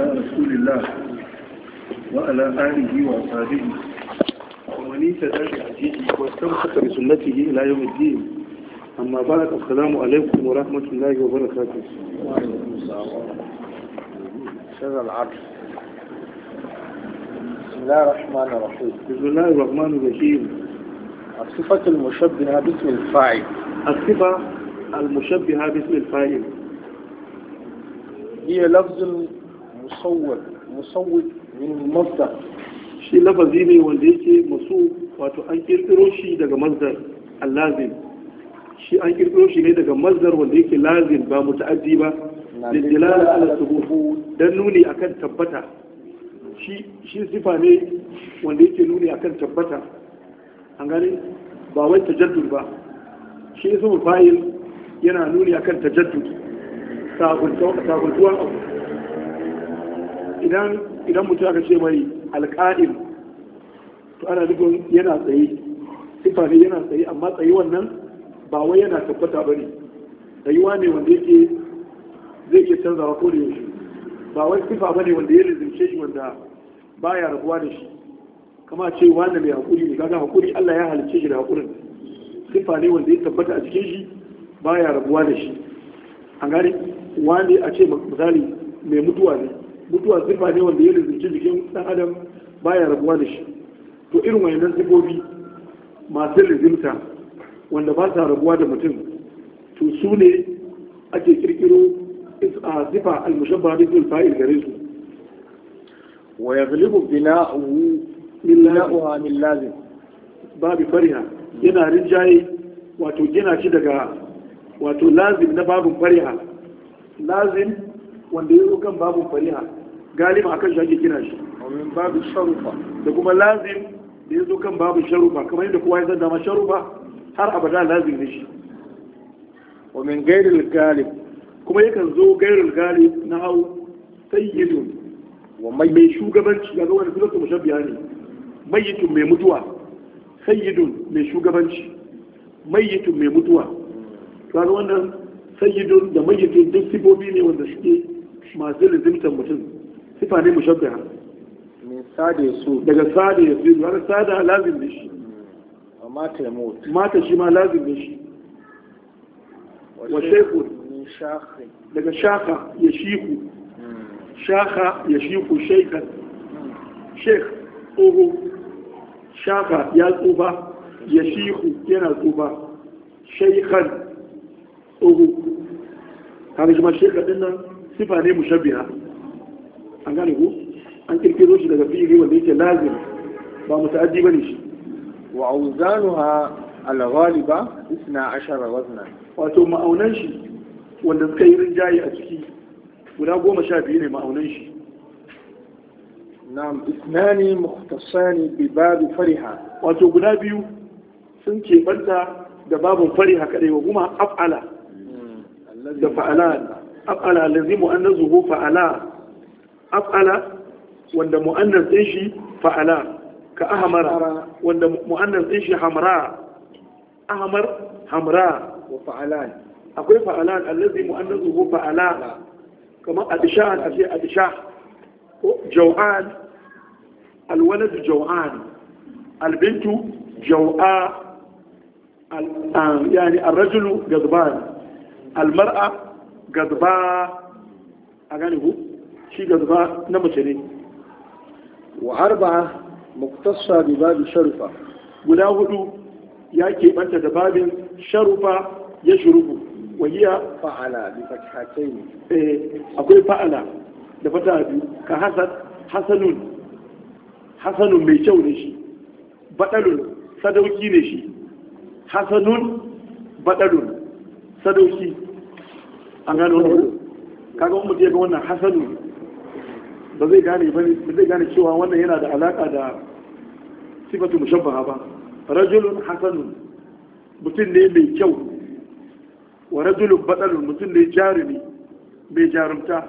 على رسول الله وعلى آله وصحبه ومن تدعي عزيزي واستمسك بسنته إلى يوم الدين أما بعد السلام عليكم ورحمة الله وبركاته وعلى الله شر العقل بسم الله الرحمن الرحيم بسم الله الرحمن الرحيم الصفة المشبهة باسم الفاعل الصفة المشبهة باسم الفاعل هي لفظ musawwir musawwir min masdar shi lafazi ne wanda yake masu wato an kirkiro shi daga masdar allazim shi an kirkiro shi ne daga masdar wanda yake lazim ba muta'addi ba lidilala ala subuhu dan nuni akan tabbata shi shi sifa ne wanda yake nuni akan tabbata an gane ba wai tajaddud ba shi ismul fa'il yana nuni akan tajaddud sabuntuwan abu idan mutum aka ce mai alƙa'in to ana nufin yana tsaye sifa ne yana tsaye amma tsaye wannan ba wai yana tabbata ba ne tsayuwa ne wanda yake zai iya canzawa ko da yaushe ba wai sifa ba ne wanda ya rizince shi wanda ba ya rabuwa da shi kama ce wanda mai haƙuri ne kaga haƙuri Allah ya halicce shi da haƙurin sifa ne wanda ya tabbata a cikin shi ba ya rabuwa da shi an gane wanda a ce misali mai mutuwa ne mutuwa sifa ne wanda ya rizinci jikin ɗan adam baya rabuwa da shi to irin wayannan sifofi masu rizimta wanda ba sa rabuwa da mutum to su ne ake kirkiro a sifa al-mushabba da fa'il gare su wa yaghlibu bina'uhu bina'uha min lazim babu fariha yana rinjaye wato gina shi daga wato lazim na babu fariha lazim wanda ya zo kan babu fariha galiba akan shi ake kira shi amin babu sharufa da kuma lazim da ya zo kan babu sharufa kamar yadda kowa ya san dama sharufa har abada lazim ne shi wa min gairil galib kuma yakan zo gairil galib na hau sayyidun wa mai mai shugabanci ga wanda suka mu shabbiya ne mayyitun mai mutuwa sayyidun mai shugabanci mayyitun mai mutuwa to ga wannan sayyidun da mayyitun duk sibobi ne wanda suke masu lizimtar mutum sifa ne mushabbiha min sada su daga sada ya fi wani sada lazim da shi mata ya mutu mata shi ma lazim da shi wa shaiku daga shaka ya shiku hmm. shaka ya shiku shaikan hmm. shek tsoho shaka ya tsufa ya shiku yana tsufa shaikan tsoho kaga shi ma shaikan din nan sifa ne mushabbiha an gane ku an kirkiro shi daga fi'ili wanda yake lazim ba muta'addi bane shi wa awzanuha al-ghaliba 12 wazna wato ma'aunan shi wanda suka yi rinjaye a ciki guda goma sha biyu ne ma'aunan shi na'am isnani mukhtasani bi babu fariha wato guda biyu sun banta da babun fariha kadai wa kuma af'ala hmm, da fa'alan af'ala lazi mu'annazu ko fa'ala af'ala wanda mu'annas din shi fa'ala ka ahmara wanda mu'annas din shi hamra ahmar hamra wa fa'alan akwai fa'alan allazi mu'annazu ko fa'ala kamar adishan a ce adisha ko jaw'an alwalad jaw'an albintu jaw'a ah, yani arrajulu gazban almar'a gazba a gane ku shi gazba na mace ne wa arba'a muktassa bi babi sharufa guda hudu ya keɓanta da babin sharufa ya shurubu wa hiya fa'ala bi fathatayn eh akwai fa'ala da fata biyu ka hasan hasanun hasanun mai kyau ne shi badalun sadauki ne shi hasanun baɗalun sadauki an gano wani kaga wani mutum ga wannan hasadu ba zai gane ba zai gane cewa wannan yana da alaka da sifatu mushabbaha ba rajulun hasanun mutum ne mai kyau wa rajulun badalun mutum ne jarumi mai jarumta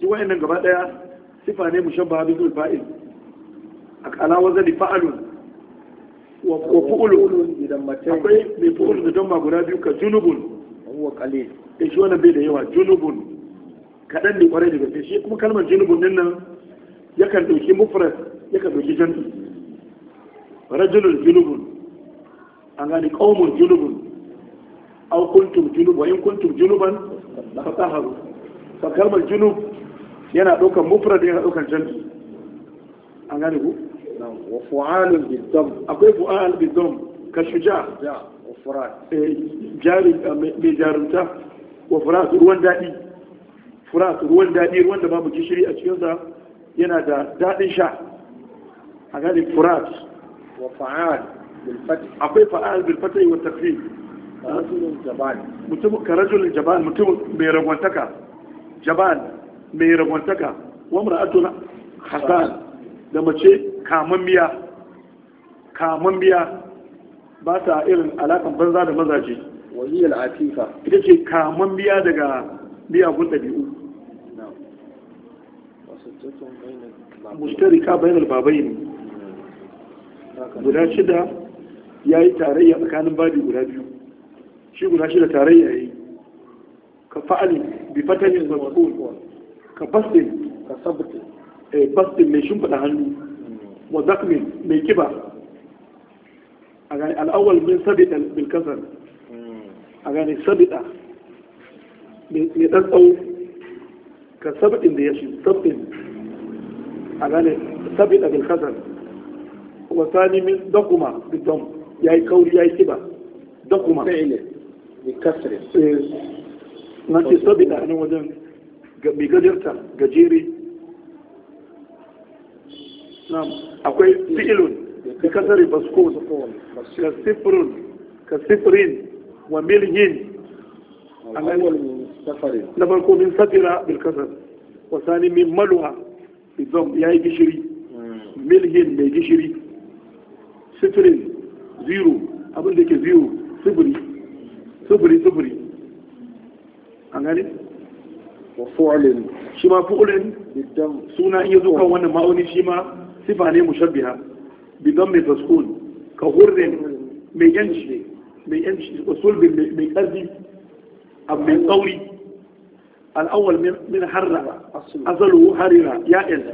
duk wa'annan gaba daya sifa ne mushabbaha bi zul fa'il akala wa zali fa'alun wa fu'ulun idan akwai mai fu'ul da don ma guda biyu ka junubun huwa qalil da shi wannan bai da yawa junubun kaɗan ne kwarai daga gaske shi kuma kalmar junubun din nan yakan ɗauki mufras yakan ɗauki jam'i rajulun junubun an gani qaumun junubun au kuntum junub wa in kuntum junuban fa taharu fa kalmar junub yana ɗaukar mufras yana ɗaukar jam'i an gani ku wa fu'alun bidam akwai fu'al bidam ka shuja ja wa furat eh, jari eh, mai jarumta wa furat ruwan daɗi furat ruwan daɗi ruwan da babu gishiri a cikinsa yana da daɗin sha a gane furat wa fa'al akwai fa'al bil fatai wa takfir mutum karajul jabal mutum mai ragwantaka jabal mai ragwantaka wa mar'atun hasan da mace kamammiya biya ba ta irin alakan banza da mazaje wahiyar atifa ita ce kaman biya daga miyagun ɗabi'u mustarika bayan babai ne guda shida ya yi tarayya tsakanin babi guda biyu shi guda shida tarayya ya yi ka fa'ali bi fatanin zamakon ka bastin ka sabbatin eh, bastin mai shimfiɗa hannu wa zakmin mai kiba a al'awal min sabi bilkasar أغاني سبئة يتسأو كسبئ ديشي سبئ أغاني سبئة بالخزن وثاني من دقمة بالضم ياي كوري ياي سبا دقمة فعلة بكسر نانتي سبئة أنو وزن بقدرتا قجيري نعم أقول فعل بكسر بسكون كسفر كسفرين wa milhin na farko min satira bil kasar wa sani min maluha ya yi gishiri hmm. milhin mai gishiri sitirin zero abin da ke zero sifiri sifiri sifiri an gani wa fu'alin shi suna iya zo kan wannan ma'auni shi ma sifa ne mushabbiha bidom mai faskun ka hurrin mai yanci بيمشي الأصول ƙarfi أو mai الأول من حرر أزله حرر يا إنس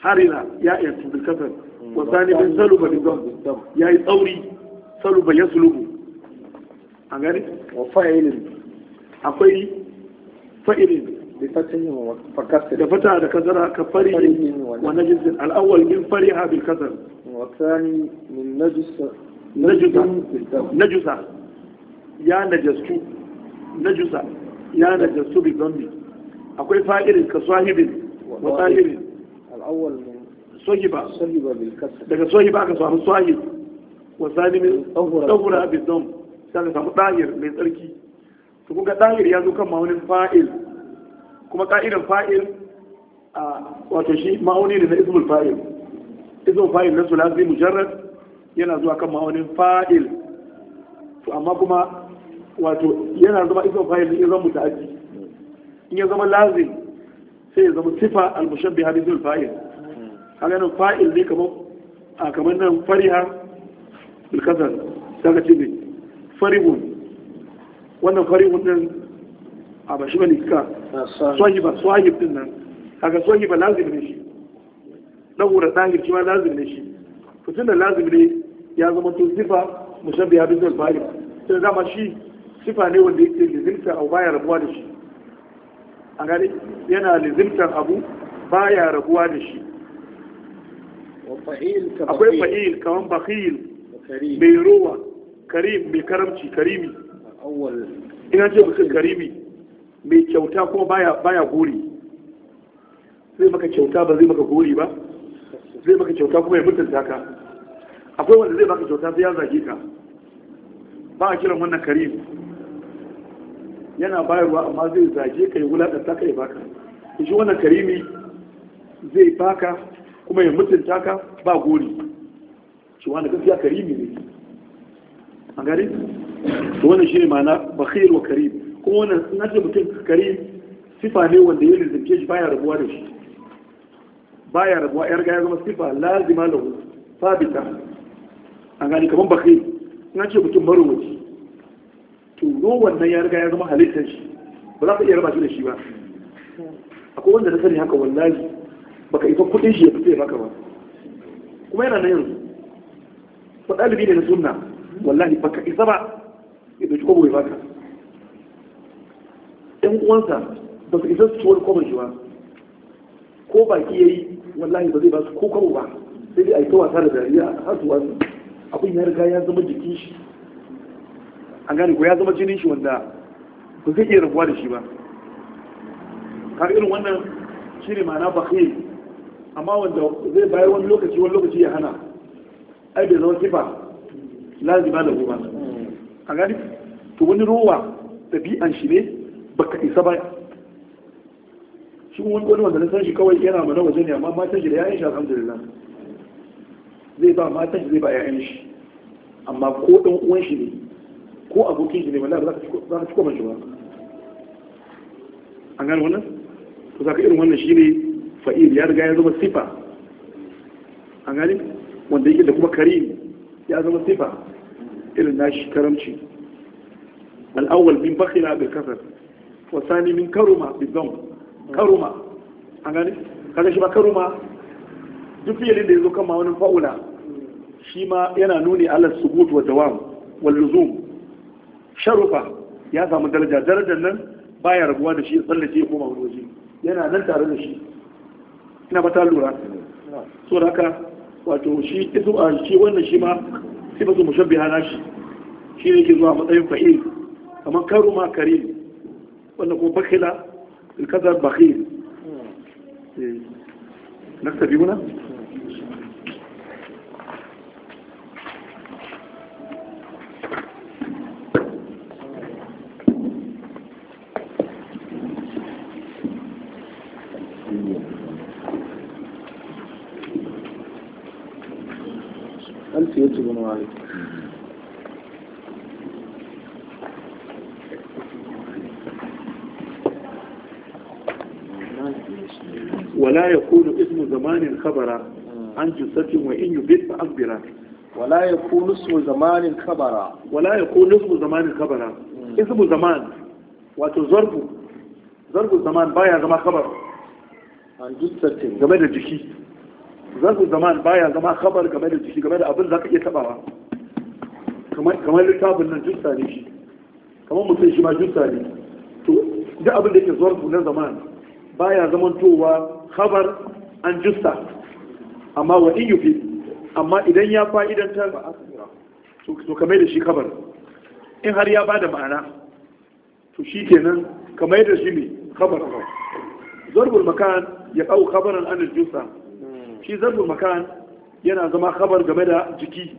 حرر يا إنس بالكفر والثاني من سلب بالضم يا ثوري سلب يسلب أغاني وفاعل أقوي فاعل لفتح لكسر كفري ونجز الأول من فرحة بالكسر والثاني من نجس najusa ya najastu najusa ya najastu bi zambi akwai fa'irin ka sahibin wa sahirin al'awwal sahiba sahiba bil kasr daga sahiba ka samu sahib wa salimin dawra bi dam sai ka samu dahir mai tsarki to kun ga dahir ya zo kan ma'aunin fa'il kuma ka'idan fa'il a wato shi ma'auni ne na ismul fa'il ismul fa'il na sulasi mujarrad yana zuwa kan ma'aunin fa'il to amma kuma wato yana zama isa fa'il in zama muta'addi in ya zama lazim sai ya zama sifa al-mushabbiha bi dhul fa'il kaga nan fa'il ne kamar a kamar nan fariha bil ta saka ce ne farihun wannan farihun din a bashi bane ka sahiba sahib din nan kaga sahiba lazim ne shi dan wura dahir shi ma lazim ne shi fitin da lazim ne ya zama to sifa mushabbiha bin zulfari sai dama shi sifa ne wanda yake lizimta abu baya rabuwa da shi a gani yana lizimta abu baya rabuwa da shi akwai fa'il kaman bakhil mai ruwa karim mai karamci karimi ina ce mutum karimi mai kyauta kuma baya gori zai maka kyauta ba zai maka gori ba zai maka kyauta kuma ya mutunta ka akwai wanda zai baka kyauta sai ya zage ka ba a kiran wannan karim yana bayarwa amma zai zage ka ya wulaƙanta ta ya baka shi wannan karimi zai baka kuma ya mutunta ka ba gori shi wani gaskiya karimi ne a gari to wannan shi ne ma'ana bakhir wa karim kuma wannan in ce mutum karim sifa ne wanda ya lizinke shi baya rabuwa da shi baya rabuwa yar ga ya zama sifa lazima lahu sabita an gani kamar bakai na ce mutum marowaci to rowan wannan ya riga ya zama halittar shi ba za ka iya raba shi da shi ba akwai wanda na sani haka wallahi baka isa kudin shi ya fita ya maka ba kuma yana na yanzu ba ɗalibi ne na sunna wallahi baka isa ba ya dauki kwabo ya baka ɗan uwansa ba su isa su ci wani kwabon shi ba ko baki ya yi wallahi ba zai ba su ko kwabo ba sai dai a yi ta wasa da dariya har su wasu abin ya riga ya zama jikin shi a gane ko ya zama jinin shi wanda ba zai iya rabuwa da shi ba kaga irin wannan shi ne ma'ana kai amma wanda zai bayar wani lokaci wani lokaci ya hana ai bai zama kifa lazima da gobe a gani to wani rowa ɗabi'an shi ne baka isa ba shi wani wani wanda na san shi kawai yana mana waje ne amma matan shi da yi shi alhamdulillah zai ba matan zai ba 'ya'yan shi amma ko ɗan uwan shi ne ko abokin shi ne wanda za ka ci kwamanci ba an gane wannan to za ka irin wannan shi ne fa'il ya riga ya zama sifa an gane wanda yake da kuma karim ya zama sifa irin nashi karamci al'awwal min bakhila bil kasar wa sani min karuma bil dam karuma an gane kaga shi ba karuma duk fiye da yazo kan ma wani fa'ula shi ma yana nuni ala subut wa dawam wal luzum sharufa ya samu daraja darajar nan baya rabuwa da shi tsallace ko ma yana nan tare da shi ina ba ta lura so da haka wato shi izu a shi wannan shi ma sai ba su mushabbiha na shi shi ne ke zuwa matsayin fa'il kamar karu ma karim wannan kuma bakila الكذب بخيل نكتفي هنا ولا يكون اسم زمان الخبر عن جثة وإن يبيت فأخبرا ولا يكون اسم زمان الخبر ولا يكون اسم زمان الخبر اسم زمان وتزرب زرب الزمان بايا زمان خبر عن جثة جمال الجكي zarfu zaman baya zama khabar game da jiki game da abin za ka iya tabawa kamar littafin nan justa ne shi kamar mutum shi ma justa ne to duk abin da ke zarfu na zaman baya zamantowa khabar an justa amma wa in yufi amma idan ya ta to kamar da shi khabar in har ya bada ma'ana to shi kenan kamar da shi ne khabar zarful makan ya kau khabaran an justa shi zarbul makan yana zama khabar game da jiki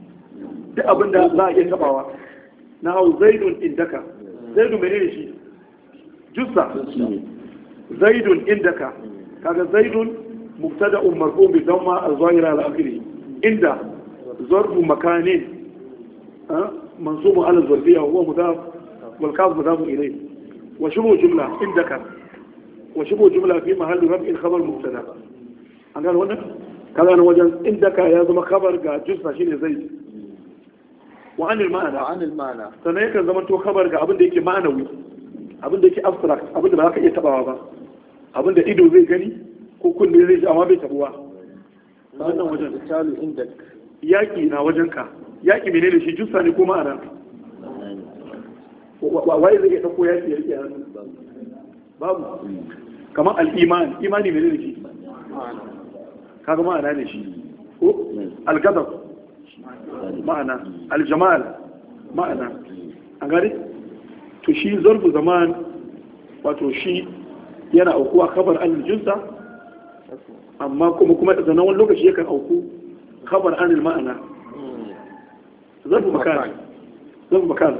duk abin da za a iya tabawa na hau zaidun indaka zaidun mai ne shi jussa zaidun indaka kaga zaidun muktada umar ko mai zama a zahira da akiri inda zarbul makane mansubu ala zarbiya wa mudaf wal kaf mudaf ilayhi wa shubu jumla indaka wa shubu jumla fi mahalli rabi al khabar mubtada an gano wannan kaga nan wajen inda ka ya zama kabar ga jusa shine zai wa anil ma'ana anil ma'ana sannan yakan zama to kabar ga abin da yake ma'anawi abin da yake abstract abin da ba za ka iya tabawa ba abin da ido zai gani ko kunne zai ji amma bai tabuwa wannan wajen misalu inda yaki na wajen ka yaki menene shi jusa ne ko ma'ana wai zai iya dauko yaki ya rike hannu babu kamar al-iman imani menene shi kaga ma'ana ne shi al-gadab ma'ana al-jamal ma'ana an gari to shi zarfu zaman wato shi yana aukuwa kabar al jinsa amma kuma kuma nan wani lokaci yakan auku kabar an ma'ana zarfu makan zarfu makan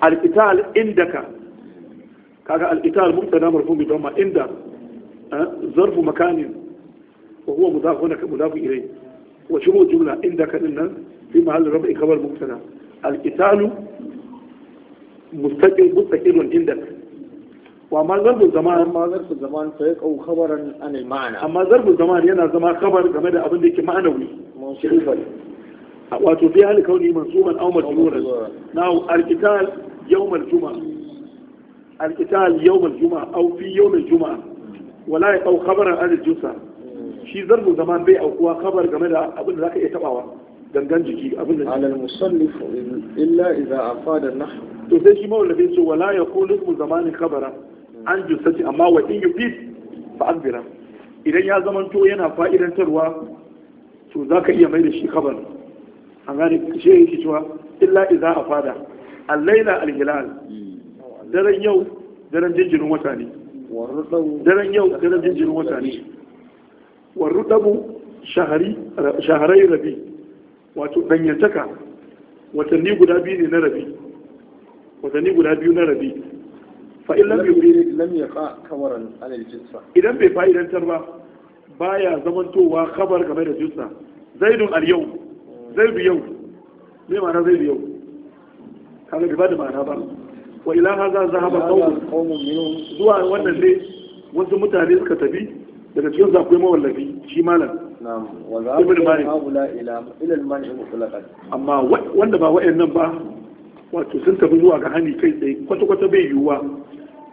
al-qital indaka kaga al-qital mubtada marfu bi inda eh, zarfu makanin وهو مضاف هناك مضاف إليه وشمو جملة إن ذكرنا في محل ربع خبر مبتدا القتال مستقل مستقل عندك وما ظرف الزمان ما ظرف الزمان فيك أو خبرا عن المعنى أما ظرف الزمان ينا زمان خبر كما ده أظن ديك معنوي منصوبا وتوفي هل كوني منصوبا أو مجبورا ناو القتال يوم الجمعة القتال يوم الجمعة أو في يوم الجمعة ولا أو خبرا عن الجثة shi zarbu zaman bai aukuwa kabar game da abin da zaka iya tabawa gangan jiki abin da alal musallif illa idza afada nahu to sai shi bai ce wala yaqulu ismu zaman khabara an jusati amma wa in yufid fa akbira idan ya to yana fa'idantarwa to zaka iya mai da shi kabar an gane shi yake cewa illa idza afada al-laila al-hilal hmm. daren yau daren jinjirin wata ne daren yau daren jinjirin wata ne wa rudabu shaharai rabi wato danyantaka watanni guda biyu ne na rabi watanni guda biyu na rabi fa'in lam ya kamaran alal jinsa idan bai fa'idantar ba baya zamantowa kabar game da jinsa zaidun al yau zaidu yau me ma'ana zaidu yau kaga bai ba da ma'ana ba wa ila haza zahaba qaumun zuwa wannan ne wasu mutane suka tafi daga cikin su akwai mawallafi shi malam ibn malik amma wanda ba wa'annan ba wato sun tafi zuwa ga hani kai tsaye kwata-kwata bai yiwuwa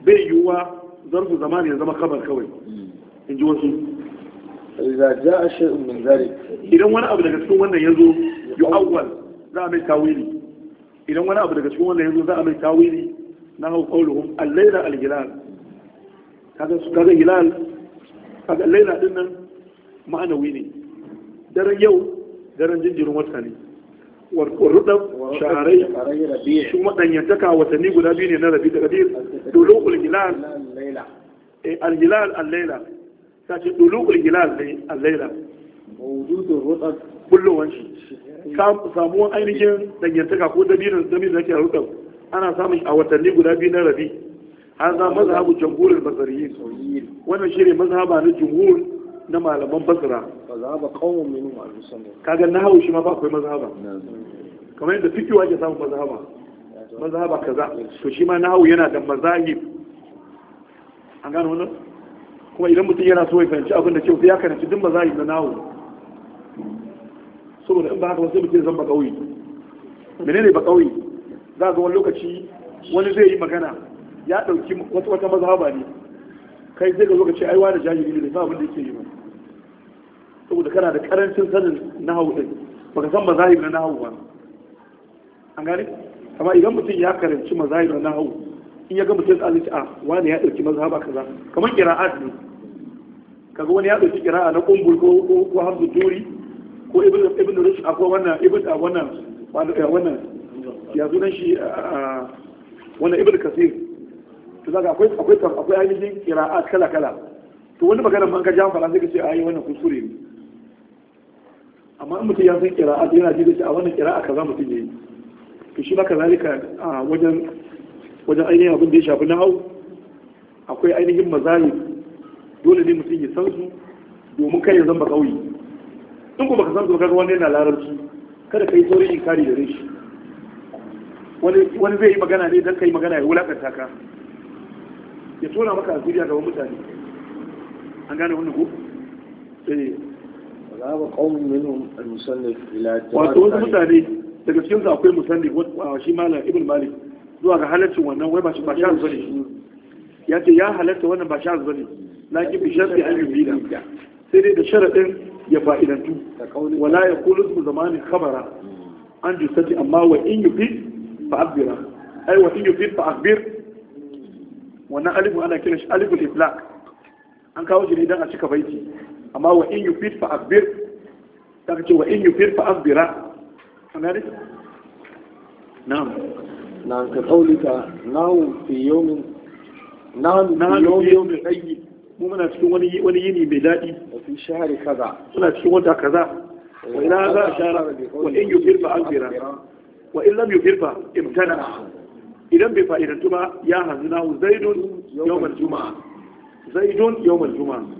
bai yiwuwa zarfu zamani ya zama kabar kawai hmm. in ji wasu idan wani abu daga cikin wannan ya zo yu'awwal za a mai tawili idan wani abu daga cikin wannan ya zo za a mai tawili na hau kauluhum allaila al-hilal kaga kaga laila din nan ma'anawi ne daren yau daren jinjirin wata ne warrudab sharai shi kuma danyantaka watanni guda biyu ne na rabi da rabi dolo ulgilal algilal al-laila ta eh, ce dolo ulgilal al-laila kullowan shi samuwan ainihin danyantaka ko dabirin dabirin da ke rudab ana samun a watanni guda biyu na rabi haza mazhabu jamhurin basariyin wannan shi ne mazhaba na jumhur na malaman basra mazhaba qawmun min al shi ma ba akwai mazhaba kamar yadda fiqh ake samun mazhaba mazhaba kaza to shi ma nahawu yana da mazahib an gano wannan kuma idan mutum yana so ya fahimci abin da kyau sai ya karanci duk mazahib na nahawu saboda in ba haka sai mutum zan ba kauye menene ba kauye za ga wani lokaci wani zai yi magana ya dauki wata wata mazhaba ne kai zai ga lokaci ai wani jahili ne ba abin da yake yi ba saboda kana da karancin sanin nahawu din baka san mazahib na nahawu ba an gane amma idan mutum ya karanci mazahib na nahawu in ya ga mutum zai a wani ya dauki mazhaba kaza kamar qira'at ne kaga wani ya dauki qira'a na kumbul ko ko hamdu duri ko ibn ibn rush akwai wannan ibn wannan wannan ya zo shi wannan ibn kasir to zaka akwai akwai akwai ainihin qira'at kala kala to wani magana man ka jan fara ce ayi wannan kuskure ne amma in mutum ya san qira'at yana ji da shi a wannan qira'a kaza mutum yayi to shi maka zalika a wajen wajen ainihin abin da ya shafi nahau akwai ainihin mazali dole ne mutum ya san su domin kai ya zamba kauye in ko baka san su kaga wani yana larabci kada kai saurin inkari da rashi wani zai yi magana ne don kai magana ya wulakanta ka ya tona maka asiriya gaban mutane an gane wannan ko eh zaba qaumun minhum al-musannif ila wato wasu mutane daga cikin su akwai musannif shi malam ibn malik zuwa ga halaccin wannan wai ba shi ba sha'ar bane ya ce ya halatta wannan ba sha'ar bane lakin bi sharti an yubina sai dai da sharadin ya fa'idantu wala ya kulu su zamanin khabara an jusati amma wa in yufi fa abira ai wa in yufi fa abir wannan alifu ana kira shi aliful iflaq an kawo shi ne dan a cika baiti amma wa in yi yufid fa akbir ta ce wa in yufid fa akbira an gane na'am na ka kaulika nahu fi yawmin nahu nahu yawmin tayyib mu muna cikin wani wani yini mai dadi fi shahri kaza muna cikin wata kaza wa ina za a shara wa in yufid fa akbira wa in lam yufid fa imtana idan bai fa'idantu ba ya hanzu na zaidun yawon juma'a zaidun yawon juma'a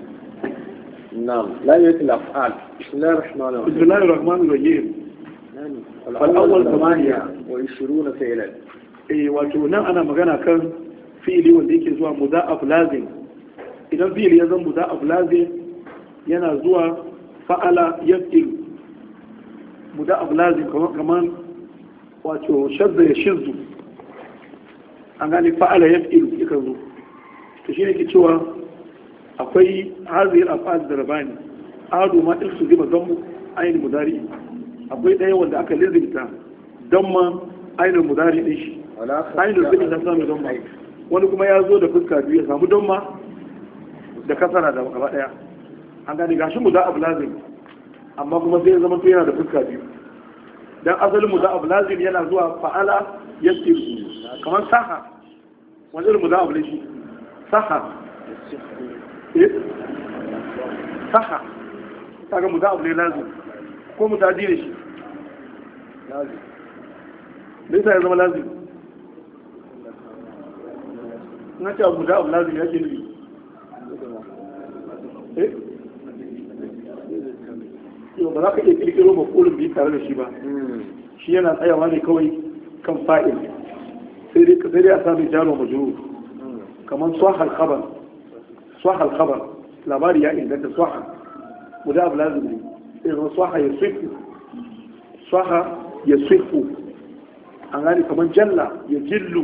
نعم لا يوجد الأفعال بسم الله الرحمن الرحيم بسم الله الرحمن الرحيم فالأول ثمانية وعشرون فعلا إيه واتو أنا مغانا كان فيلي wanda yake zuwa mudha'af lazim idan fi'il ya zama mudha'af lazim yana zuwa fa'ala yaf'il mudha'af lazim kaman wato shadda ya shizu an gane fa'ala yaf'il yakan zo to shine ke cewa akwai hazir afal da rabani adu ma su zima zammu ainihin mudari akwai ɗaya wanda aka lizinta don ma ainihin mudari ɗin shi ainihin zima na samu don ma wani kuma ya zo da fuska biyu ya samu don ma da kasara da gaba ɗaya an gane gashi mu za a lazim amma kuma sai zama to yana da fuska biyu dan asalin mu za a lazim yana zuwa fa'ala yasir kamar saha wani mu za a saha saha kaga mu abu ne lazim ko mu tadi da shi lazim me yasa ya zama lazim na ce abu da abu lazim ya ke nufi eh ba za ka iya kirkiro ba kolin biyu tare da shi ba shi yana tsayawa ne kawai kan fa'il sai dai a sami jaro majuru kamar tsohon khabar sahal khabar labari ya inganta saha guda abu lazim ne sai zama saha ya sifu saha ya sifu an gani kamar jalla ya jillu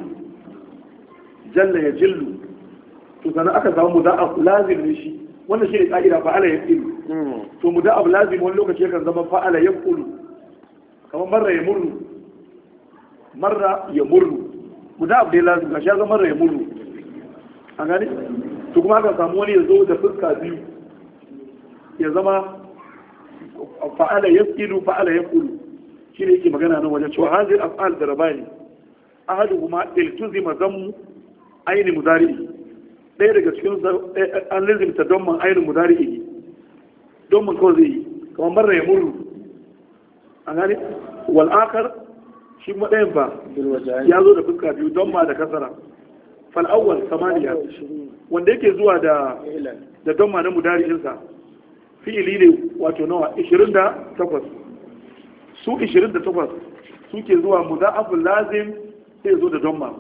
jalla ya jillu to sannan aka samu ne shi wannan shi ne ka'ida fa'ala ya ilu lazim wani lokaci yakan zama fa'ala ya kamar marra ya murru marra ya murru muda'af dai lazim ya zama marra ya murru an gani to kuma haka samu wani ya zo da fuska biyu ya zama fa'ala tsidu fa'ala kulu shi ne yake magana nan wajen cewa a af'al da rabani ahaduhuma iltuzima zammu aini mudari'i ɗaya daga cikin eh, eh, an lizimta don man aini mudari'i don man kawai zai yi kamar marra ya murru a gani wal'akar shi maɗayin ba ya zo da fuska biyu don ma da kasara fal'awwal samaniya wanda yake zuwa da da damma na mudari'insa fi'ili ne wato nawa 28 su 28 suke zuwa muda'aful lazim sai zo da damma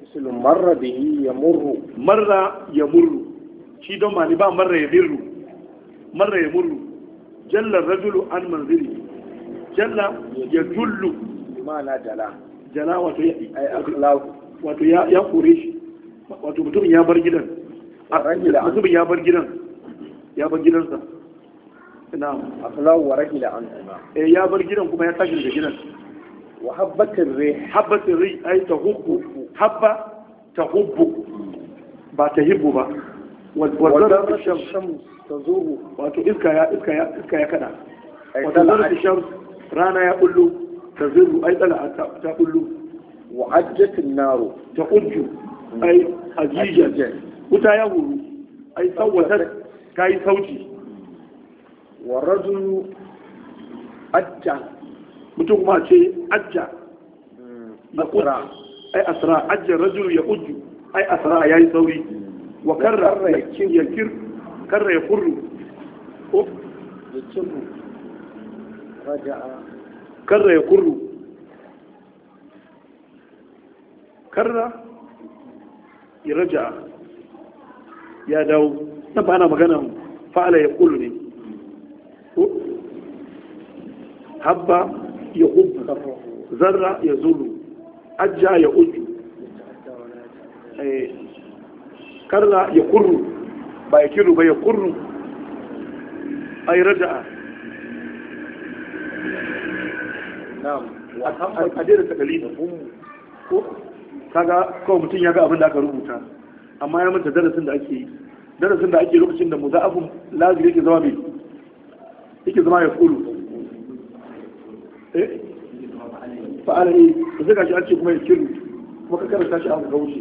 misalin marra bihi yamurru marra murru, shi damma ne ba marra yamirru marra murru, jalla rajulu an manzili jalla yajullu ma'ana jala jala wato ya wato ya kore shi wato mutumin ya bar gidan mutumin ya bar gidan ya bar gidansa wa rahila an eh ya bar gidan kuma ya tashi daga gidan wa habbatin ri habbatin ri ai tahubbu habba tahubbu ba tahibbu ba wa zarra shams tazuru wato iska ya iska ya iska ya kada wa shams rana ya kullu. tazuru ai tsala ta kullu. wa ajjatin naru ta ai hajijan wuta ya huru ai sauwatar ka yi sauti wa radu ajja mutum kuma ce ajja hmm, asra ai asra ajja radu ya uju ai asra ya yi sauri hmm. wa karra ya kir karra ya kurru karra ya kurru oh. karra iraja ya dawo na ba na magana fa'ala ya kulu ne habba ya hubbu zarra ya zulu ajja ya uju eh, karra ya kurru ba ya kiru ba ya kurru a yi na'am a hamdu qadir kaga kawai mutum ya ga abin da aka rubuta amma ya manta darasin da ake yi darasin da ake lokacin da muza'afin lazim yake zama mai yake zama ya kulu eh fa'ala eh zai shi an ce kuma ya kiru kuma ka karanta shi abu ka wuce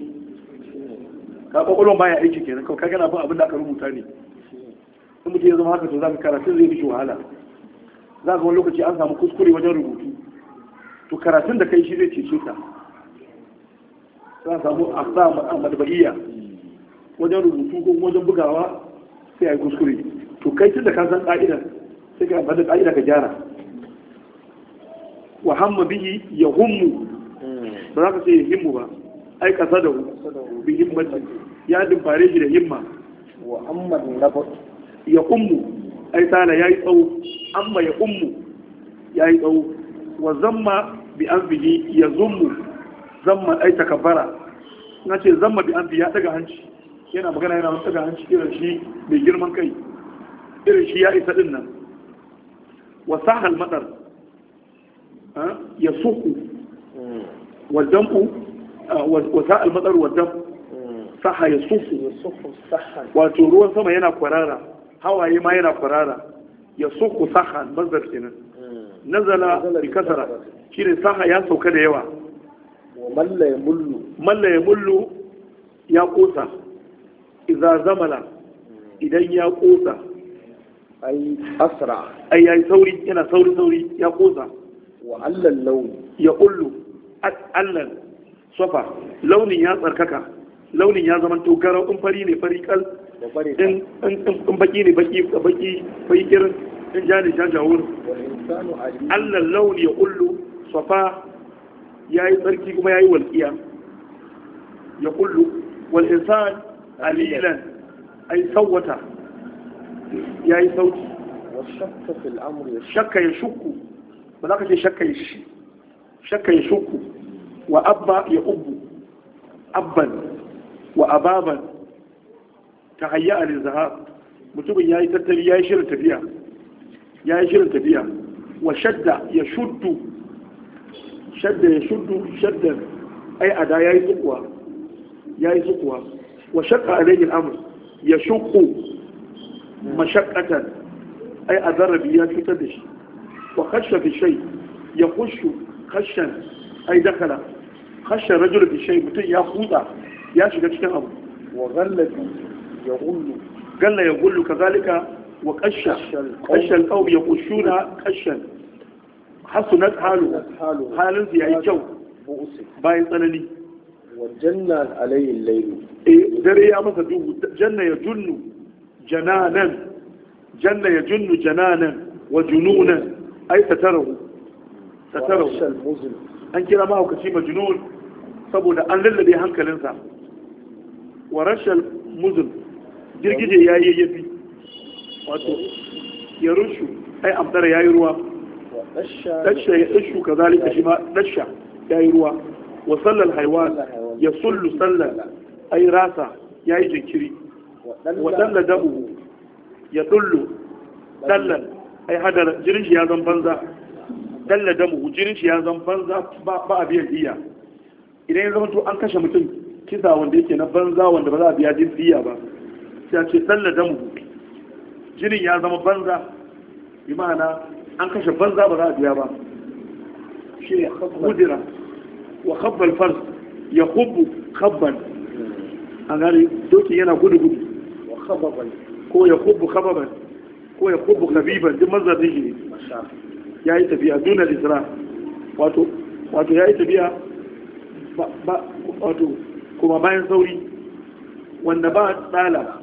ka kokolon baya aiki kenan kawai kaga na bin abin da aka rubuta ne in mutum ya zama haka to zaka karanta zai fi wahala za ga wani lokaci an samu kuskure wajen rubutu to karatun da kai shi zai cece ka za a samu a sa madabariya wajen rubutu ko wajen bugawa sai a yi kuskure to kai tun da ka san ƙa'idar sai ka amfani da ka gyara wa hamma bihi ya hummu ba za ka ce ya himmu ba ai ka sada bi himmati ya dimfare shi da himma wa amma ya ummu ai ya yi tsawo amma ya ya yi tsawo wa zamma bi an anfihi ya zummu zamma ai takabbara na ce zamma bi an ya daga hanci yana magana yana daga hanci irin shi mai girman kai irin shi ya isa din nan wa sahal madar ya suku hmm. wa dam'u wa sahal madar wa dam hmm. saha ya suku wato ruwan sama yana kwarara hawaye ma yana kwarara ya suku saha mazar kenan hmm. nazala bi kasara shine saha ya sauka da yawa malla ya mullu ya mullu ya kosa idza zamala idan ya kosa ai asra ai yayi sauri yana sauri sauri ya kosa wa allal lawn ya kullu allan sofa launin ya tsarkaka launin ya zama to in fari ne fari kal in in baki ne baki baki fari kirin in ja ne ja jawur allal lawn ya kullu sofa. ya yi tsarki kuma ya yi walƙiya ya kullu wal insan a yi sawwata ya yi sauki shakka ya shukku ba za ka ce shakka ya shi shakka ya shukku wa abba ya ubu abban wa ababan ta hayya a zahab mutumin ya yi tattali ya yi shirin tafiya ya yi shirin tafiya wa shadda ya shuddu shadda ya shuddu shaddan ai a da yayi tsukuwa yayi tsukuwa wa shaqqa alayhi al-amr ya shuqqu mashaqqatan ai azarabi ya fitar da shi wa khashsha fi shay ya khushu khashshan ai dakala khashsha rajul fi shay mutum ya kutsa ya shiga cikin abu wa ghallatu ya gullu galla ya gullu kazalika wa qashsha qashsha al-qawm yaqushuna qashshan hasunat halu halin su yayi kyau bayan tsanani wa janna alayhi laylu eh dare ya masa duhu janna ya junnu jananan janna ya junnu jananan wa jununan ay satarahu satarahu an kira ma hukaci majnun saboda an lallabe hankalinsa wa rashal muzul girgije yayi yafi wato ya rushu ai amsara yayi ruwa dasha ya dashu kazalika shi ma dasha yayi ruwa wa sallal haiwan ya sullu sallan ai rasa yayi jinkiri wa dalla dabu ya dullu dallan ai hadar jirin shi ya zan banza dalla damu jirin shi ya zan banza ba a biyan diya idan ya zama to an kashe mutum kisa wanda yake na banza wanda ba za a biya ba ce jinin ya zama banza an kashe banza ba za a biya ba shi ne gudira wa khabbal farz ya hubbu khabbal a gari doki yana gudu gudu wa khababal ko ya hubbu khababal ko ya hubbu khabiban duk mazardin shi ne ya yi tafiya dunar isra wato wato ya yi tafiya wato kuma bayan sauri wanda ba tsala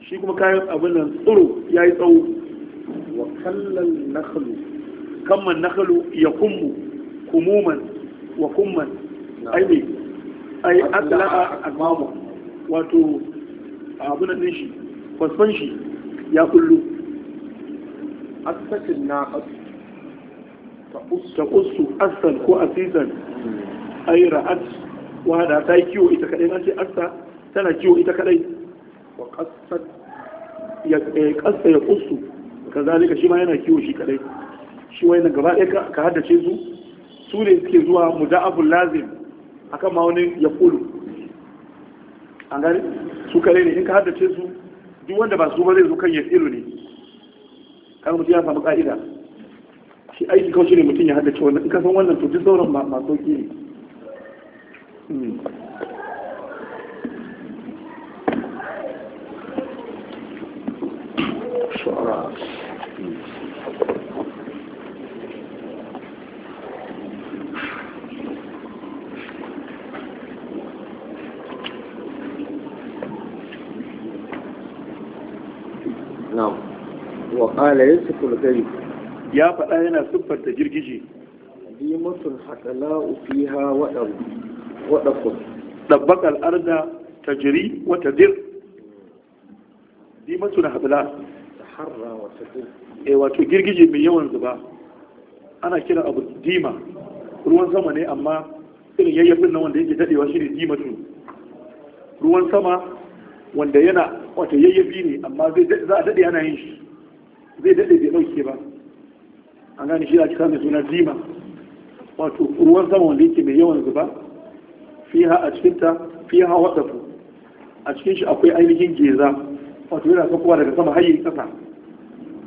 shi kuma kayan abin nan tsoro ya yi tsawo wa kallan nakhlu kamman nakhlu ya kummu kumuman wa kumman ai ai atlaka akmamu wato abun din shi fasfan shi ya kullu asakin naqas ta usu asan ko asisan hmm. ai ra'at wa da ta kiwo ita kadai an tana kiwo ita kadai wa ya eh, qassa kazalika shi ma yana kiwo shi kadai shi wayannan gaba ɗaya ka haddace su su ne suke zuwa muda'abul lazim akan ma wani ya kulu an gani su kare ne in ka haddace su duk wanda ba su ba zai zo kan ya tsilo ne kan mutum ya samu ka'ida shi aiki kawai shi ne mutum ya haddace wannan in ka san wannan to duk sauran ma sauki ne hmm. qala yasful gari ya faɗa yana siffanta girgije dimatul hatala'u fiha wadab wadakun dabbaqal arda tajri wa tadir dimatul hatala harra wata dir eh wato girgije mai yawan zuba ana kira abu dima ruwan sama ne amma irin yayyafin na wanda yake daɗewa shi ne dimatu ruwan sama wanda yana wata yayyafi ne amma za a daɗe ana yin shi zai daɗe bai ɗauke ba an gane shi a kira mai suna zima wato ruwan sama wanda yake mai yawan zuba ha a cikinta ha wasafu a cikin shi akwai ainihin geza wato yana sakowa daga sama har kasa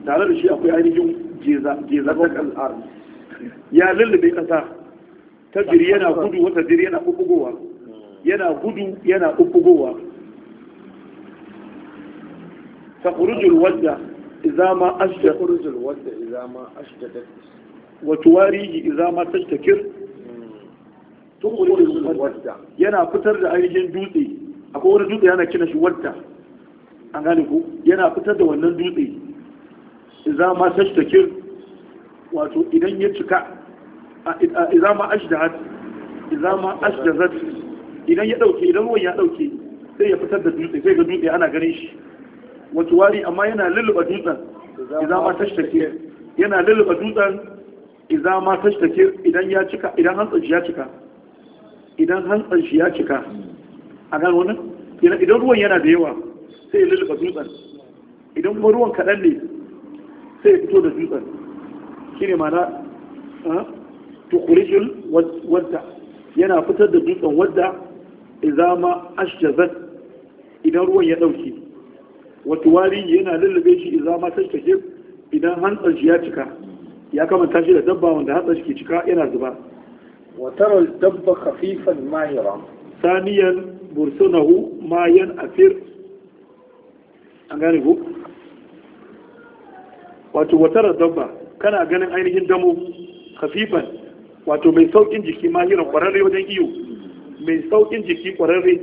tare da shi akwai ainihin geza geza ta kal'ar ya lullube kasa ta jiri yana gudu wata jiri yana ɓuɓɓugowa yana gudu yana ɓuɓɓugowa ta jirgin wadda izama ashta urzul wanda izama ashta wa tuwarihi izama tashtakir tuqurul wadda yana fitar da ainihin dutse akwai wani dutse yana kina shi wadda an gane ku yana fitar da wannan dutse izama tashtakir wato idan ya cika izama ashdahat izama ashdahat idan ya dauke idan ruwan ya dauke sai ya fitar da dutse sai ga dutse ana ganin shi wace wari amma yana lulluɓa dutsen idan ma tashtake yana lulluɓa dutsen idan ma tashtake idan ya cika idan hantsan shi ya cika idan hantsan shi ya cika a gan wani idan ruwan yana da yawa sai ya lulluɓa dutsen idan kuma ruwan kaɗan ne sai ya fito da dutsen shi ne mana tukurishin wadda yana fitar da dutsen wadda ma ashjazat idan ruwan ya ɗauki wata wari yana lullube shi idan ma tashtake idan hantsar shi ya cika ya kama shi da dabba wanda hantsar shi ke cika yana zuba wa tara dabba khafifan mahira saniyan bursunahu mayan afir an gane ku wato watara dabba kana ganin ainihin damo khafifan wato mai saukin jiki mahira kwararre wajen iyo mai saukin jiki kwararre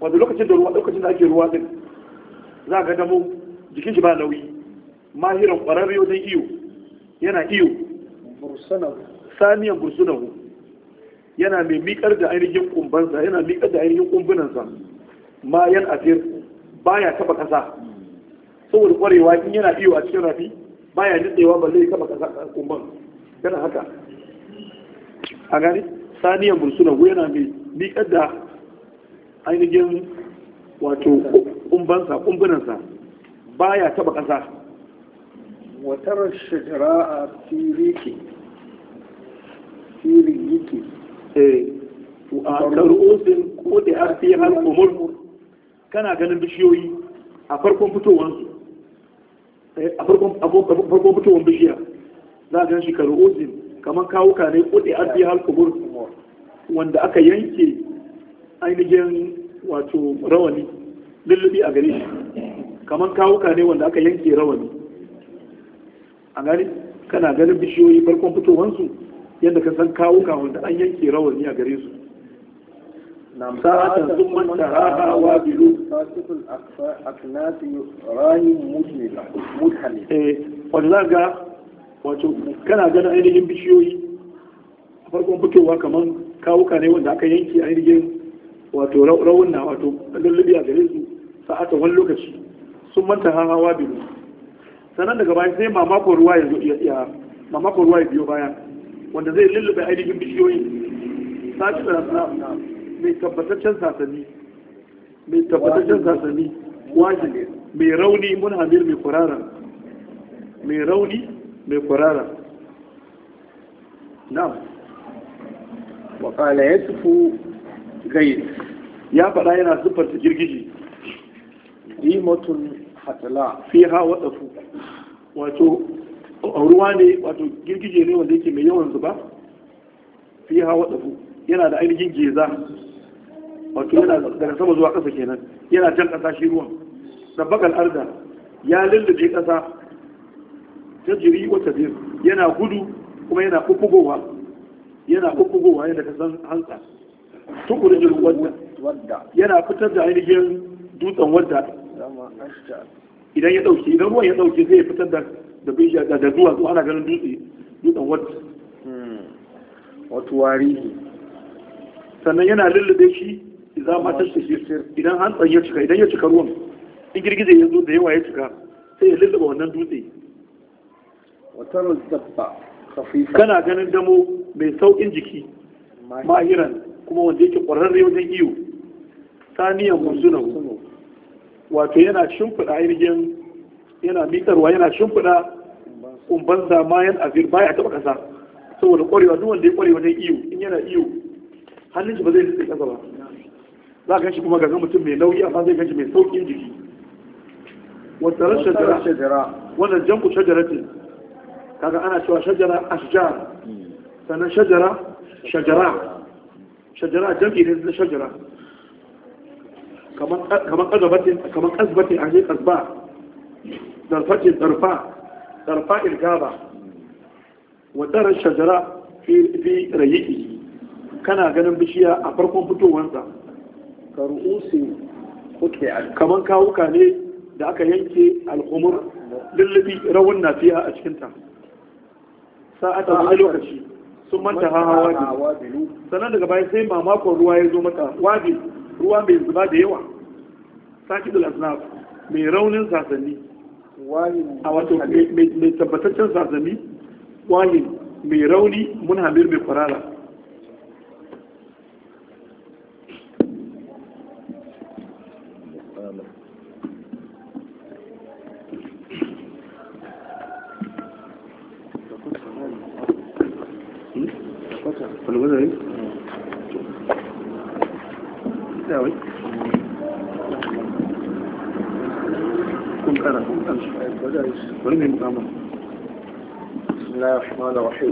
wato lokacin da ruwa lokacin da ake ruwa din za ga damo jikin shi ba nauyi mahiran ƙwararre wajen iyo yana iyo saniyan bursunahu yana mai miƙar da ainihin kumbansa yana miƙar da ainihin kumbinansa ma yan afir baya taba ƙasa saboda kwarewa, in yana iyo a cikin rafi baya nitsewa ba zai taba ƙasa kumban yana haka a gani saniyan bursunahu yana mai miƙar da ainihin wato kumbansa kumbunansa baya taba kasa watar shajara eh, a firiki firiki a karusin ko da ya fi har kumur kana ganin bishiyoyi a farkon fitowansu eh, a farkon fitowar bishiya za a gan shi karusin kamar kawuka ne ko da ya fi har kumur wanda aka yanke ainihin wato rawani lullubi a gare shi kamar kawuka ne wanda aka yanke rawani a gani kana ganin bishiyoyi farkon fitowansu yadda ka san kawuka wanda an yanke rawani a gare su sa'atan sun manta raha wa bilu wanda ga wato kana ganin ainihin bishiyoyi farkon fitowa kamar kawuka ne wanda aka yanke ainihin wato na wato lullubi a gare su sa'ata wani lokaci sun manta hawa hawa biyu sannan daga bayan sai mamakon ruwa ya mamakon ruwa ya biyo baya wanda zai lullube ainihin bishiyoyi sashi da rasa mai tabbataccen sasani mai tabbataccen sasani wajen mai rauni mun hamir mai kurara mai rauni mai kurara wakala ya tufu gai ya faɗa yana siffanta girgiji rimatun hatala fi hawa fu wato ruwa ne wato girgije ne wanda yake mai yawan zuba fi hawa fu yana da ainihin geza wato yana daga sama zuwa ƙasa kenan yana jan ƙasa shi ruwan da bakal arda ya lullube ƙasa ta jiri wata biyu yana gudu kuma yana kukkugowa yana kukkugowa yadda ka san hantsa tukurin wadda yana fitar da ainihin dutsen wadda idan ya dauke idan ruwan ya dauke zai fitar da da bishiya da da zuwa zuwa ana ganin dutse dutsen wadda hmm. wato wari sannan yana lullube shi idan ma ta shi idan hantsan ya cika idan ya cika ruwan in girgije ya zo da yawa ya cika sai ya lullube wannan dutse wata dabba kana ganin damo mai saukin jiki mahiran kuma wanda yake ƙwararre wajen iyo saniyan musunan wato yana shimfiɗa ainihin yana mitarwa yana shimfiɗa kumban zamayan azir baya taɓa ƙasa saboda ƙwarewa duk wanda ya ƙware wajen iyo in yana iyo hannun shi ba zai rike ƙasa ba za a ganshi kuma ga mutum mai nauyi amma zai gaji mai sauƙin jiki wata rashin shajara wannan janku shajara ce kaga ana cewa shajara ashjar hmm. sannan shajara shajara shajara jam'i ne na shajara kamar kazbatin kamar kazbatin a ne kazba zarfatin zarfa zarfa irgaba wa daren shajara fi rayiki kana ganin bishiya a farkon fitowansa ka ru'usi kamar kawuka ne da aka yanke alhumur lullubi rawun na fiya a cikinta sa'ata wani lokaci sun manta hawa wadi sannan daga baya sai mamakon ruwa ya zo mata wadi ruwa mai zuba da yawa saki da lasna mai raunin sasani a wato mai tabbataccen sasani wahin mai rauni mun hamir mai kwarara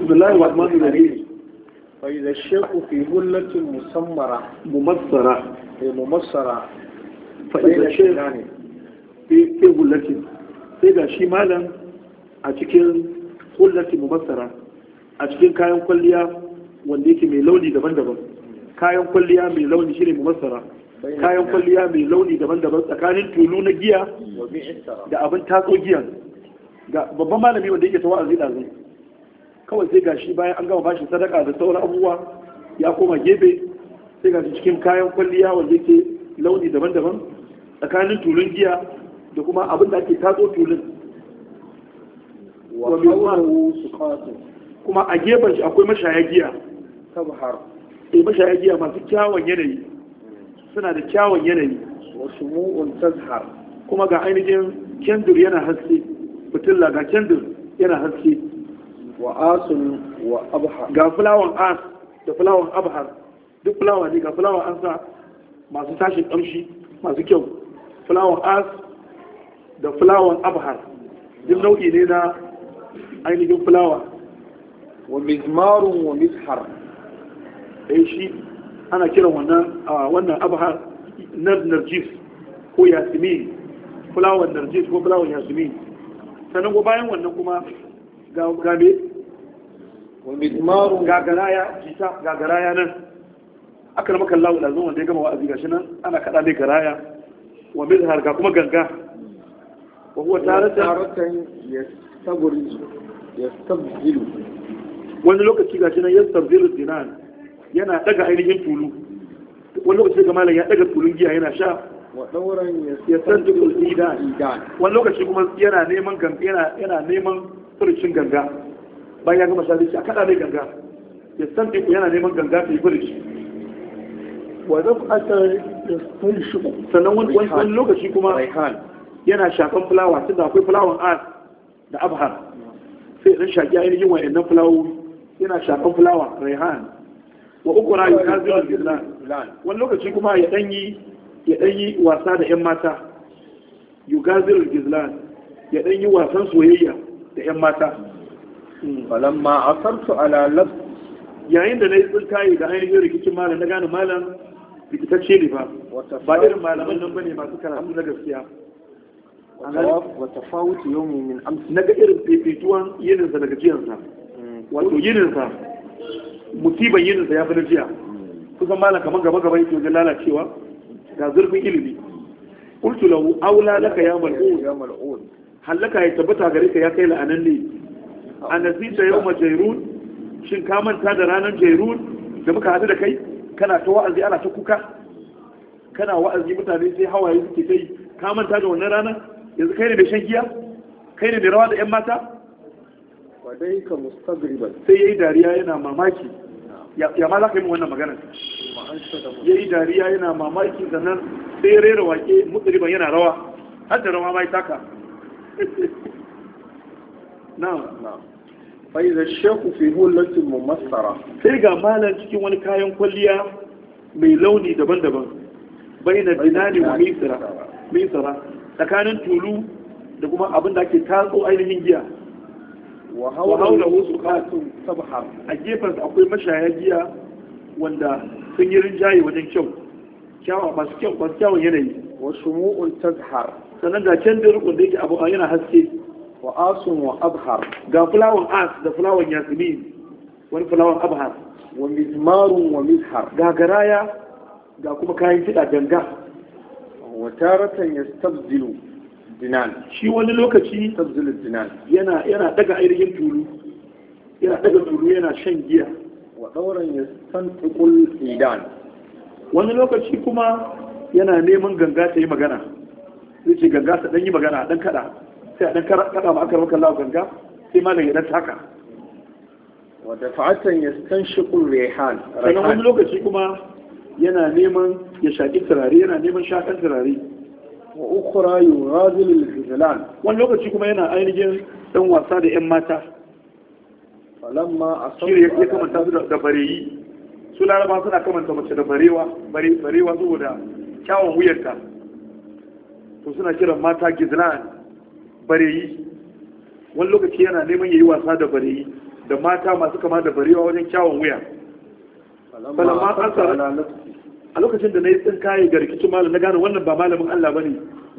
بسم الله الرحمن الرحيم فإذا الشيخ في هلة مسمرة ممصرة ممصرة فإذا الشيخ في في هلة إذا شي أتكين هلة ممصرة أتكين كاين كليا wanda yake mai launi daban-daban kayan kwalliya mai launi mu masara kayan kwalliya mai launi daban-daban tsakanin tulu na giya da abin tatso giya. ga babban malami wanda yake tawa azi dazu kawai sai gashi bayan an gama bashi sadaka da sauran abubuwa ya koma gefe sai gashi cikin kayan kwalliya wanda yake launi daban-daban tsakanin tulun giya da kuma abin da ake tatso tulun kuma a gefen shi akwai mashaya giya tabhar eh, mashaya giya masu kyawun yanayi suna da kyawun yanayi wasu mu'un tazhar kuma ga ainihin kendur yana haske fitilla ga kendur yana haske wa asun wa abhar ga fulawan as da fulawan abhar duk fulawa ne ga fulawan an masu tashin kamshi masu kyau fulawan as da fulawan abhar duk nau'i ne na ainihin fulawa wa mizmarun wa mizhar eh shi ana kiran wannan wannan abhar narjis ko yasmin fulawan narjis ko fulawan yasmin sannan bayan wannan kuma ga nan aka rama wa lazun wanda ya gama wa'azi gashi nan ana kada ne garaya wa mizhar ga kuma ganga wa huwa saburi ya yastabzilu wani lokaci gashi nan yastabzilu dinan yana daga ainihin tulu wani lokaci ga malam ya daga tulun giya yana sha wa dauran ya saddiqul ida ida wani lokaci kuma yana neman ganga yana neman furucin ganga bayan ya gama shalici a kada ne ganga ya san saddiqu yana neman ganga ta yi furuci wa zafu asar ya fulshu sannan wani lokaci kuma yana shafan fulawa tunda akwai fulawan art da abhar sai idan shaki ainihin wa'annan fulawowi yana shafan fulawa raihan wa ukura yukazilu al wani lokaci kuma ya danyi ya ɗan yi wasa da 'yan mata yugazir gizlan ya ɗan yi wasan soyayya da 'yan mata ma a farsu lab yayin da na yi tsinkaye da ainihin rikicin malam na gane malam rikitacce ne ba ba irin malaman nan bane masu karatu na gaskiya wata yau mai min amsa na ga irin fefetuwan yininsa daga jiyansa hmm. wato yininsa musiban yininsa ya fi na jiya hmm. kusan malam kamar gaba gaba yake wajen lalacewa ga zurfin ilimi qultu lahu aula laka ya mal'un halaka ya tabbata gare ka ya kai la'anan ne anasita yawma jairun shin ka manta da ranar jairun da muka hadu da kai kana ta wa'azi ana ta kuka kana wa'azi mutane sai hawaye suke kai ka manta da wannan rana yanzu kai ne mai shan giya kai ne mai rawa da yan mata wadai ka mustagriban sai yayi dariya yana mamaki ya ma za ka yi min wannan magana ya yi dariya yana mamaki sannan sai ya rera wake mutsiriban yana rawa har da rawa mai taka na'am fai da sheku fi mu masara. sai ga malam cikin wani kayan kwalliya mai launi daban-daban bai na binani wa misira tsakanin tulu da kuma abin da ake tatso ainihin giya wa haula wasu katun sabhar a gefen akwai mashaya giya wanda sun yi rinjaye wajen kyau kyawa masu kyau masu kyawun yanayi wa shumu'un tazhar sannan da can da rukun da yake abu yana haske wa asun wa abhar ga fulawan as da fulawan yasmin wani fulawan abhar wa mizmarun wa mizhar ga garaya ga kuma kayan kiɗa ganga wa taratan yastabzilu dinan shi wani lokaci tabzilu dinan yana yana daga ainihin tulu yana daga tulu yana shan giya wa dauran tukul idan wani lokaci kuma yana neman ganga ta yi magana yace ganga ta dan yi magana dan kada sai a dan kada ma aka maka lawa ganga sai ma ya dan taka wa dafa'atan yastanshiqul rihan sannan wani lokaci kuma yana neman ya shaki turare yana neman shakan turare wa ukhra yughazil al wani lokaci kuma yana ainihin dan wasa da yan mata falamma asfar ya ta su da bareyi su laraba suna ta mace da barewa barewa saboda kyawun wuyarta to suna kiran mata gizlan bareyi wani lokaci yana neman yayi wasa da bareyi da mata masu kama da barewa wajen kyawun wuya falamma asfar a lokacin da na yi tsin kayi ga rikicin malam na gane wannan ba malamin Allah bane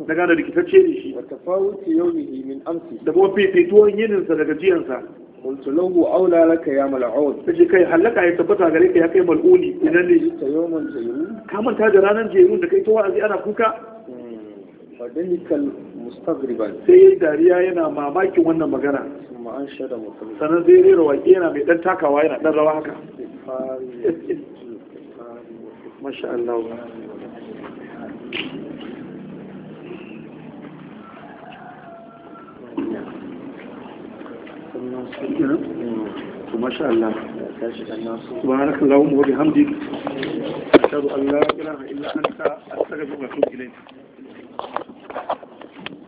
na gane rikitacce ne shi wa tafawuti yawmihi min amsi da kuma fifituwar yininsa daga jiyansa qultu lahu aula laka ya mal'un sai kai halaka ya tabbata gare ka ya kai mal'uli idan ne ta yawman jayrun ka manta da ranar jayrun da kai ta wa'azi ana kuka fadalikal mustaghriban sai yayi dariya yana mamakin wannan magana kuma an shada mutum sanan zai rera waƙe yana mai dan takawa yana dan rawa haka masha Allah ما شاء الله سبحانك اللهم وبحمدك أشهد أن لا إله إلا أنت أستغفرك وأتوب إليك